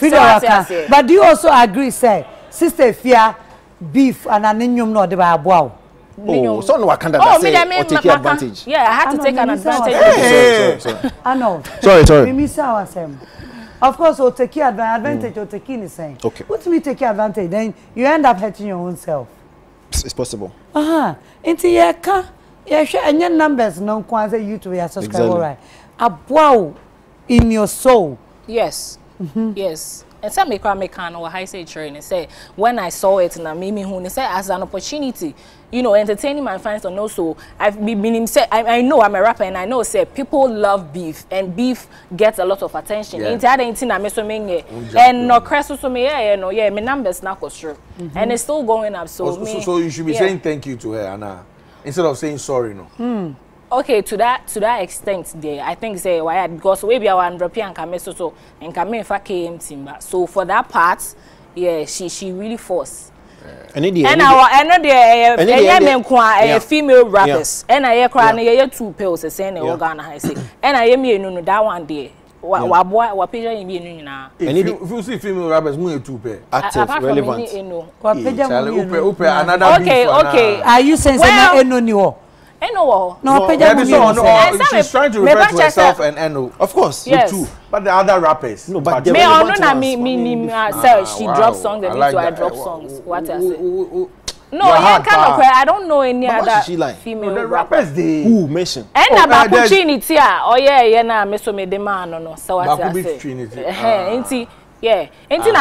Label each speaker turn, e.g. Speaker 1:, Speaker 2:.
Speaker 1: figure so can. But do you also agree, say, Sister Fear beef and an inyum no deba abuao. Oh, so no Wakanda oh, that say or take advantage. Yeah, I had to take an advantage. Hey. Sorry, sorry, sorry. I know. Sorry, sorry. Mimi sawa sem. Of course, or take your advantage or take in the same. Okay. What me take your advantage? Then you end up hurting your own self. It's possible. Uh-huh. Into your car, your share and your numbers, no kwanza you to be a subscriber, right? Abuao in your soul. Yes. Mm-hmm. yes ɛsɛ mekora meka no or high stage and say when i saw it na mimi hu ne sɛ as an opportunity you know entertaining my fans and also i've been meaning say I, i know i'm a rapper and i know say people love beef and beef gets a lot of attention nti ada nti na me so me nye and no so so me yɛ no yeah me numbers na kɔ soro mm-hmm. and it's still going up so oh, me so, so you should be yeah. saying thank you to her ana instead of saying sorry no. Mm okay to that to that extent there i think say why because we be our european nkame so so and nkame fa kmt ba so for that part yeah she she really force ɛne deɛ ɛna wɔ ɛno deɛ ɛyɛ ɛyɛ me nko a ɛyɛ female rappers ɛna yɛ koraa no yɛyɛ two pills ɛsɛn na ɛwɔ ghana ha ɛsɛ ɛna yɛ mmienu no that one deɛ waboa wapagya yɛ mmienu nyinaa. if you see female rappers mu yɛ two pair. active relevant apart from me ni eno. wapagya mu mmienu okay okay are you saying say na eno eh, ni hɔ. Eno wɔ hɔ. No, Peja Muni was there. No, uh, she's trying to refer to herself and Eno. Uh, of course. Yes. Too. But the other rappers. No, but me Ono na me me ni myself. Ah, she drop songs and me too. I drop songs. What I say. No, yeah, kind of ah. I don't know any other like? female no, the rappers. They who mention? Eh, and oh, eh, Baku uh, Trinity, oh yeah, yeah, na me so me demand no no. So what I say? Baku Trinity. Eh, eh ah. yeah, Nti, na.